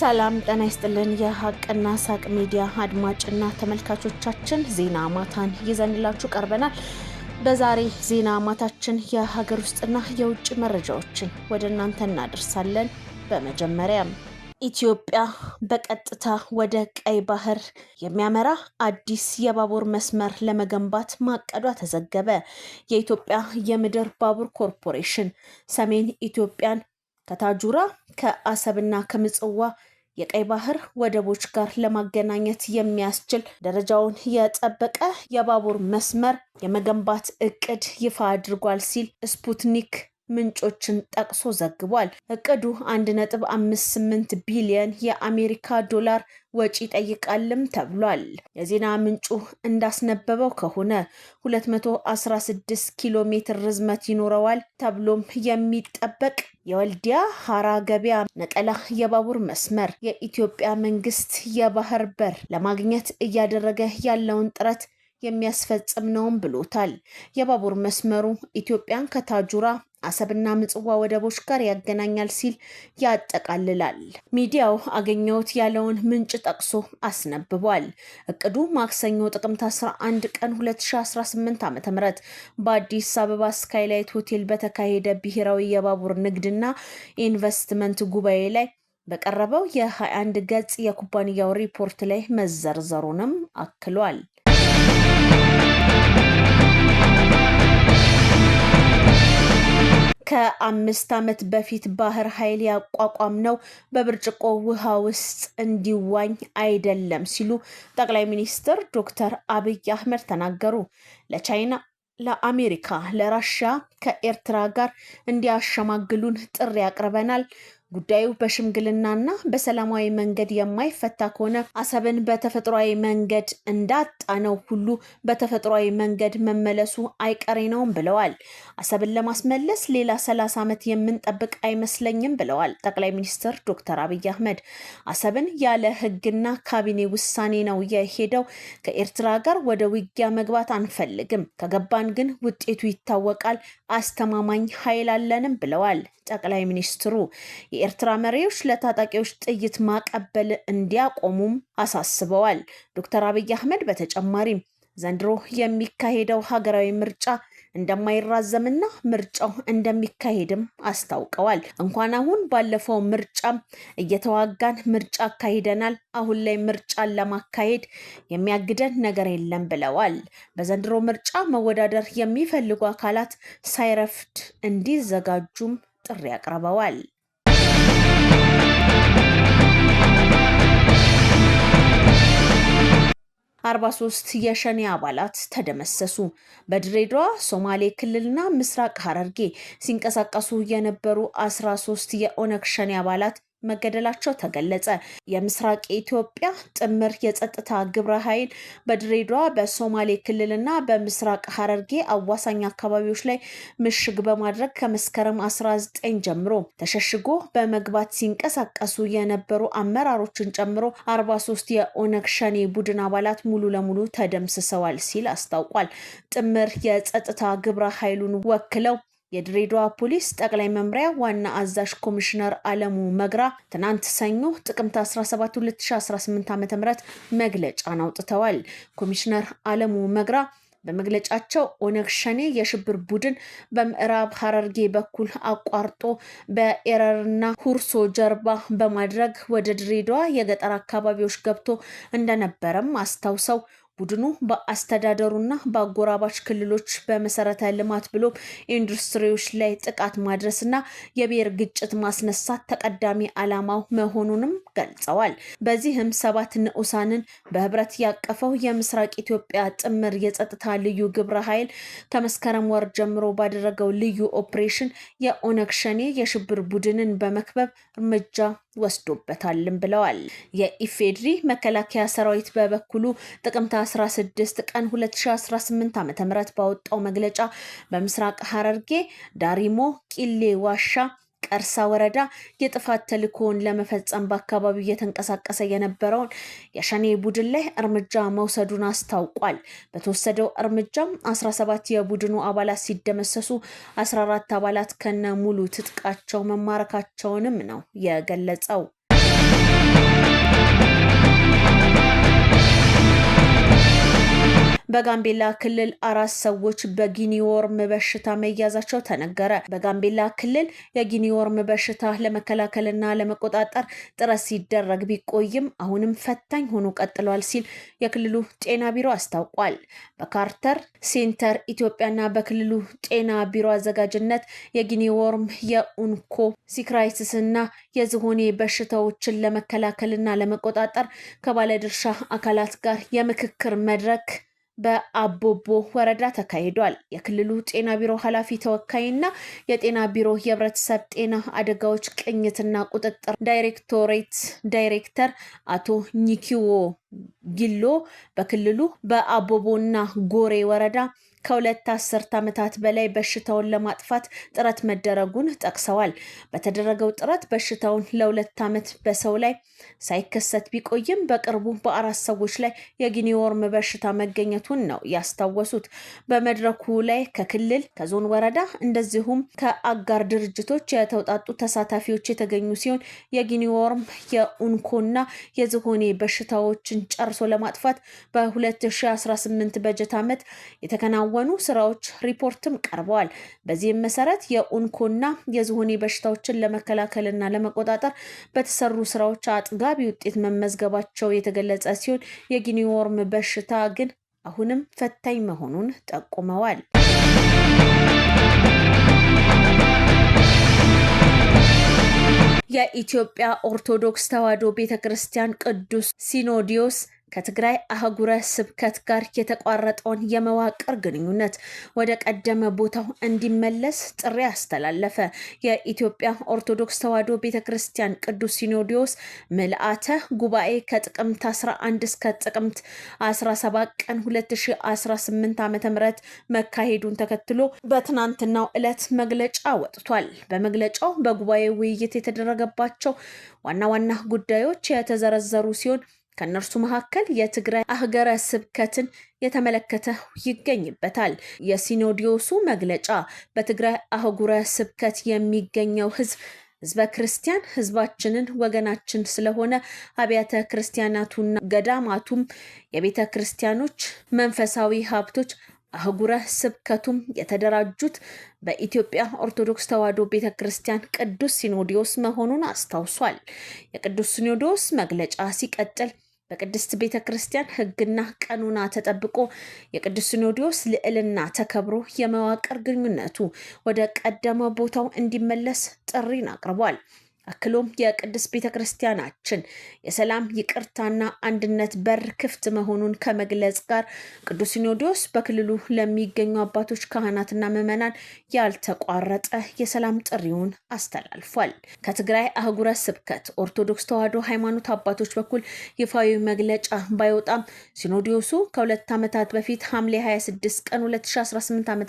ሰላም ጤና ይስጥልን። የሀቅና ሳቅ ሚዲያ አድማጭና ተመልካቾቻችን ዜና ማታን ይዘንላችሁ ቀርበናል። በዛሬ ዜና ማታችን የሀገር ውስጥና የውጭ መረጃዎችን ወደ እናንተ እናደርሳለን። በመጀመሪያም ኢትዮጵያ በቀጥታ ወደ ቀይ ባህር የሚያመራ አዲስ የባቡር መስመር ለመገንባት ማቀዷ ተዘገበ። የኢትዮጵያ የምድር ባቡር ኮርፖሬሽን ሰሜን ኢትዮጵያን ከታጁራ ከአሰብና ከምጽዋ የቀይ ባህር ወደቦች ጋር ለማገናኘት የሚያስችል ደረጃውን የጠበቀ የባቡር መስመር የመገንባት እቅድ ይፋ አድርጓል ሲል ስፑትኒክ ምንጮችን ጠቅሶ ዘግቧል። እቅዱ 1.58 ቢሊየን የአሜሪካ ዶላር ወጪ ይጠይቃልም ተብሏል። የዜና ምንጩ እንዳስነበበው ከሆነ 216 ኪሎ ሜትር ርዝመት ይኖረዋል ተብሎም የሚጠበቅ የወልዲያ ሐራ ገበያ ነጠላ የባቡር መስመር የኢትዮጵያ መንግስት የባህር በር ለማግኘት እያደረገ ያለውን ጥረት የሚያስፈጽም ነውም ብሎታል። የባቡር መስመሩ ኢትዮጵያን ከታጁራ አሰብና ምጽዋ ወደቦች ጋር ያገናኛል ሲል ያጠቃልላል። ሚዲያው አገኘሁት ያለውን ምንጭ ጠቅሶ አስነብቧል። እቅዱ ማክሰኞ ጥቅምት 11 ቀን 2018 ዓ በአዲስ አበባ ስካይላይት ሆቴል በተካሄደ ብሔራዊ የባቡር ንግድና ኢንቨስትመንት ጉባኤ ላይ በቀረበው የ21 ገጽ የኩባንያው ሪፖርት ላይ መዘርዘሩንም አክሏል። ከአምስት ዓመት በፊት ባህር ኃይል ያቋቋም ነው በብርጭቆ ውሃ ውስጥ እንዲዋኝ አይደለም ሲሉ ጠቅላይ ሚኒስትር ዶክተር አብይ አህመድ ተናገሩ። ለቻይና ለአሜሪካ፣ ለራሽያ ከኤርትራ ጋር እንዲያሸማግሉን ጥሪ አቅርበናል። ጉዳዩ በሽምግልናና በሰላማዊ መንገድ የማይፈታ ከሆነ አሰብን በተፈጥሯዊ መንገድ እንዳጣነው ሁሉ በተፈጥሯዊ መንገድ መመለሱ አይቀሬ ነውም ብለዋል። አሰብን ለማስመለስ ሌላ ሰላሳ ዓመት የምንጠብቅ አይመስለኝም ብለዋል ጠቅላይ ሚኒስትር ዶክተር አብይ አህመድ። አሰብን ያለ ሕግና ካቢኔ ውሳኔ ነው የሄደው። ከኤርትራ ጋር ወደ ውጊያ መግባት አንፈልግም። ከገባን ግን ውጤቱ ይታወቃል። አስተማማኝ ኃይል አለንም ብለዋል። ጠቅላይ ሚኒስትሩ የኤርትራ መሪዎች ለታጣቂዎች ጥይት ማቀበል እንዲያቆሙም አሳስበዋል። ዶክተር አብይ አህመድ በተጨማሪም ዘንድሮ የሚካሄደው ሀገራዊ ምርጫ እንደማይራዘምና ምርጫው እንደሚካሄድም አስታውቀዋል። እንኳን አሁን ባለፈው ምርጫ እየተዋጋን ምርጫ አካሂደናል፣ አሁን ላይ ምርጫን ለማካሄድ የሚያግደን ነገር የለም ብለዋል። በዘንድሮ ምርጫ መወዳደር የሚፈልጉ አካላት ሳይረፍድ እንዲዘጋጁም ጥሪ አቅርበዋል። አርባ ሶስት የሸኔ አባላት ተደመሰሱ። በድሬዳዋ ሶማሌ ክልልና ምስራቅ ሀረርጌ ሲንቀሳቀሱ የነበሩ አስራ ሶስት የኦነግ ሸኔ አባላት መገደላቸው ተገለጸ። የምስራቅ ኢትዮጵያ ጥምር የጸጥታ ግብረ ኃይል በድሬዳዋ በሶማሌ ክልልና በምስራቅ ሐረርጌ አዋሳኝ አካባቢዎች ላይ ምሽግ በማድረግ ከመስከረም 19 ጀምሮ ተሸሽጎ በመግባት ሲንቀሳቀሱ የነበሩ አመራሮችን ጨምሮ 43 የኦነግ ሸኔ ቡድን አባላት ሙሉ ለሙሉ ተደምስሰዋል ሲል አስታውቋል። ጥምር የጸጥታ ግብረ ኃይሉን ወክለው የድሬዳዋ ፖሊስ ጠቅላይ መምሪያ ዋና አዛዥ ኮሚሽነር አለሙ መግራ ትናንት ሰኞ ጥቅምት 17 2018 ዓ ም መግለጫን አውጥተዋል። ኮሚሽነር አለሙ መግራ በመግለጫቸው ኦነግ ሸኔ የሽብር ቡድን በምዕራብ ሐረርጌ በኩል አቋርጦ በኤረርና ሁርሶ ጀርባ በማድረግ ወደ ድሬዳዋ የገጠር አካባቢዎች ገብቶ እንደነበረም አስታውሰው ቡድኑ በአስተዳደሩና በአጎራባች ክልሎች በመሰረተ ልማት ብሎ ኢንዱስትሪዎች ላይ ጥቃት ማድረስና የብሔር ግጭት ማስነሳት ተቀዳሚ ዓላማው መሆኑንም ገልጸዋል። በዚህም ሰባት ንዑሳንን በህብረት ያቀፈው የምስራቅ ኢትዮጵያ ጥምር የጸጥታ ልዩ ግብረ ኃይል ከመስከረም ወር ጀምሮ ባደረገው ልዩ ኦፕሬሽን የኦነግ ሸኔ የሽብር ቡድንን በመክበብ እርምጃ ወስዶበታልም ብለዋል። የኢፌድሪ መከላከያ ሰራዊት በበኩሉ ጥቅምት 16 ቀን 2018 ዓ ም ባወጣው መግለጫ በምስራቅ ሐረርጌ ዳሪሞ ቂሌ ዋሻ ቀርሳ ወረዳ የጥፋት ተልዕኮውን ለመፈጸም በአካባቢው እየተንቀሳቀሰ የነበረውን የሸኔ ቡድን ላይ እርምጃ መውሰዱን አስታውቋል። በተወሰደው እርምጃም 17 የቡድኑ አባላት ሲደመሰሱ 14 አባላት ከነ ሙሉ ትጥቃቸው መማረካቸውንም ነው የገለጸው። በጋምቤላ ክልል አራት ሰዎች በጊኒወርም በሽታ መያዛቸው ተነገረ። በጋምቤላ ክልል የጊኒወርም በሽታ ለመከላከልና ለመቆጣጠር ጥረት ሲደረግ ቢቆይም አሁንም ፈታኝ ሆኖ ቀጥሏል ሲል የክልሉ ጤና ቢሮ አስታውቋል። በካርተር ሴንተር ኢትዮጵያና በክልሉ ጤና ቢሮ አዘጋጅነት የጊኒወርም የኡንኮ ሲክራይሲስና የዝሆኔ በሽታዎችን ለመከላከልና ለመቆጣጠር ከባለድርሻ አካላት ጋር የምክክር መድረክ በአቦቦ ወረዳ ተካሂዷል። የክልሉ ጤና ቢሮ ኃላፊ ተወካይና የጤና ቢሮ የህብረተሰብ ጤና አደጋዎች ቅኝትና ቁጥጥር ዳይሬክቶሬት ዳይሬክተር አቶ ኒኪዎ ጊሎ በክልሉ በአቦቦና ጎሬ ወረዳ ከሁለት አስርት ዓመታት በላይ በሽታውን ለማጥፋት ጥረት መደረጉን ጠቅሰዋል። በተደረገው ጥረት በሽታውን ለሁለት ዓመት በሰው ላይ ሳይከሰት ቢቆይም በቅርቡ በአራት ሰዎች ላይ የጊኒ ወርም በሽታ መገኘቱን ነው ያስታወሱት። በመድረኩ ላይ ከክልል ከዞን፣ ወረዳ እንደዚሁም ከአጋር ድርጅቶች የተውጣጡ ተሳታፊዎች የተገኙ ሲሆን የጊኒ ወርም የኡንኮና የዝሆኔ በሽታዎችን ጨርሶ ለማጥፋት በ2018 በጀት ዓመት የተከናወ የተከናወኑ ስራዎች ሪፖርትም ቀርበዋል። በዚህም መሰረት የኡንኮና የዝሆኔ በሽታዎችን ለመከላከልና ለመቆጣጠር በተሰሩ ስራዎች አጥጋቢ ውጤት መመዝገባቸው የተገለጸ ሲሆን የጊኒ በሽታ ግን አሁንም ፈታኝ መሆኑን ጠቁመዋል። የኢትዮጵያ ኦርቶዶክስ ተዋሕዶ ቤተ ክርስቲያን ቅዱስ ሲኖዲዮስ ከትግራይ አህጉረ ስብከት ጋር የተቋረጠውን የመዋቅር ግንኙነት ወደ ቀደመ ቦታው እንዲመለስ ጥሪ አስተላለፈ። የኢትዮጵያ ኦርቶዶክስ ተዋሕዶ ቤተ ክርስቲያን ቅዱስ ሲኖዶስ ምልአተ ጉባኤ ከጥቅምት 11 እስከ ጥቅምት 17 ቀን 2018 ዓ.ም መካሄዱን ተከትሎ በትናንትናው ዕለት መግለጫ ወጥቷል። በመግለጫው በጉባኤ ውይይት የተደረገባቸው ዋና ዋና ጉዳዮች የተዘረዘሩ ሲሆን ከእነርሱ መካከል የትግራይ አህገረ ስብከትን የተመለከተ ይገኝበታል። የሲኖዲዮሱ መግለጫ በትግራይ አህጉረ ስብከት የሚገኘው ህዝብ ህዝበ ክርስቲያን ህዝባችንን ወገናችን ስለሆነ አብያተ ክርስቲያናቱና ገዳማቱም የቤተ ክርስቲያኖች መንፈሳዊ ሀብቶች አህጉረ ስብከቱም የተደራጁት በኢትዮጵያ ኦርቶዶክስ ተዋሕዶ ቤተ ክርስቲያን ቅዱስ ሲኖዲዮስ መሆኑን አስታውሷል። የቅዱስ ሲኖዲዮስ መግለጫ ሲቀጥል በቅድስት ቤተ ክርስቲያን ሕግና ቀኖና ተጠብቆ የቅዱስ ሲኖዶስ ልዕልና ተከብሮ የመዋቅር ግንኙነቱ ወደ ቀደመ ቦታው እንዲመለስ ጥሪን አቅርቧል። አክሎም የቅድስት ቤተ ክርስቲያናችን የሰላም ይቅርታና አንድነት በር ክፍት መሆኑን ከመግለጽ ጋር ቅዱስ ሲኖዶስ በክልሉ ለሚገኙ አባቶች ካህናትና ምዕመናን ያልተቋረጠ የሰላም ጥሪውን አስተላልፏል። ከትግራይ አህጉረ ስብከት ኦርቶዶክስ ተዋሕዶ ሃይማኖት አባቶች በኩል ይፋዊ መግለጫ ባይወጣም ሲኖዶሱ ከሁለት ዓመታት በፊት ሐምሌ 26 ቀን 2018 ዓ ም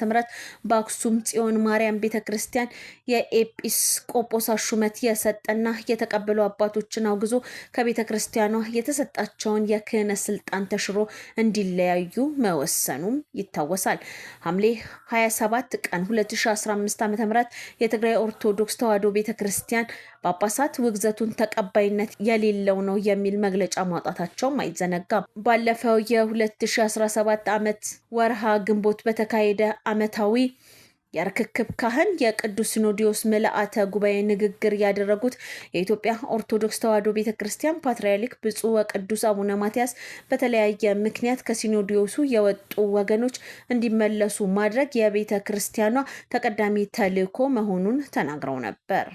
በአክሱም ጽዮን ማርያም ቤተ ክርስቲያን የኤጲስቆጶሳ ሹመት የሰ እንደሰጠና የተቀበሉ አባቶችን አውግዞ ከቤተ ክርስቲያኗ የተሰጣቸውን የክህነት ስልጣን ተሽሮ እንዲለያዩ መወሰኑም ይታወሳል። ሐምሌ 27 ቀን 2015 ዓ ም የትግራይ ኦርቶዶክስ ተዋሕዶ ቤተ ክርስቲያን ጳጳሳት ውግዘቱን ተቀባይነት የሌለው ነው የሚል መግለጫ ማውጣታቸውም አይዘነጋም። ባለፈው የ2017 ዓመት ወርሃ ግንቦት በተካሄደ ዓመታዊ የርክክብ ካህን የቅዱስ ሲኖዲዮስ ምልአተ ጉባኤ ንግግር ያደረጉት የኢትዮጵያ ኦርቶዶክስ ተዋሕዶ ቤተ ክርስቲያን ፓትርያርክ ብፁዕ ወቅዱስ አቡነ ማትያስ በተለያየ ምክንያት ከሲኖዲዮሱ የወጡ ወገኖች እንዲመለሱ ማድረግ የቤተ ክርስቲያኗ ተቀዳሚ ተልዕኮ መሆኑን ተናግረው ነበር።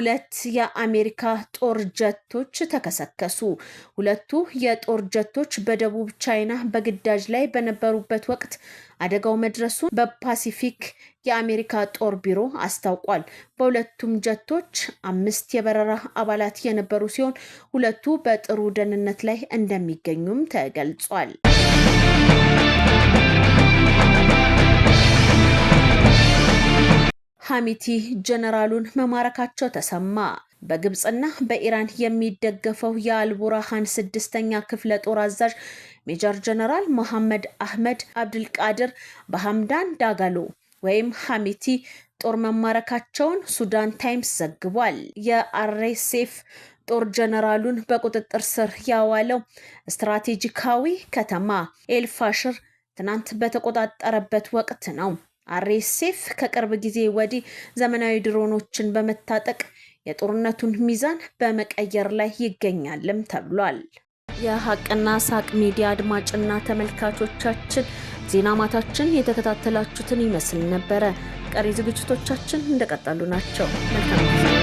ሁለት የአሜሪካ ጦር ጀቶች ተከሰከሱ። ሁለቱ የጦር ጀቶች በደቡብ ቻይና በግዳጅ ላይ በነበሩበት ወቅት አደጋው መድረሱን በፓሲፊክ የአሜሪካ ጦር ቢሮ አስታውቋል። በሁለቱም ጀቶች አምስት የበረራ አባላት የነበሩ ሲሆን ሁለቱ በጥሩ ደህንነት ላይ እንደሚገኙም ተገልጿል። ሐሚቲ ጀነራሉን መማረካቸው ተሰማ። በግብፅና በኢራን የሚደገፈው የአልቡርሃን ስድስተኛ ክፍለ ጦር አዛዥ ሜጀር ጀነራል መሐመድ አህመድ አብድልቃድር በሐምዳን ዳጋሎ ወይም ሐሚቲ ጦር መማረካቸውን ሱዳን ታይምስ ዘግቧል። የአርኤስኤፍ ጦር ጀነራሉን በቁጥጥር ስር ያዋለው ስትራቴጂካዊ ከተማ ኤልፋሽር ትናንት በተቆጣጠረበት ወቅት ነው። አሬሴፍ ከቅርብ ጊዜ ወዲህ ዘመናዊ ድሮኖችን በመታጠቅ የጦርነቱን ሚዛን በመቀየር ላይ ይገኛልም ተብሏል። የሀቅና ሳቅ ሚዲያ አድማጭና ተመልካቾቻችን ዜና ማታችን የተከታተላችሁትን ይመስል ነበረ። ቀሪ ዝግጅቶቻችን እንደቀጠሉ ናቸው። መልካም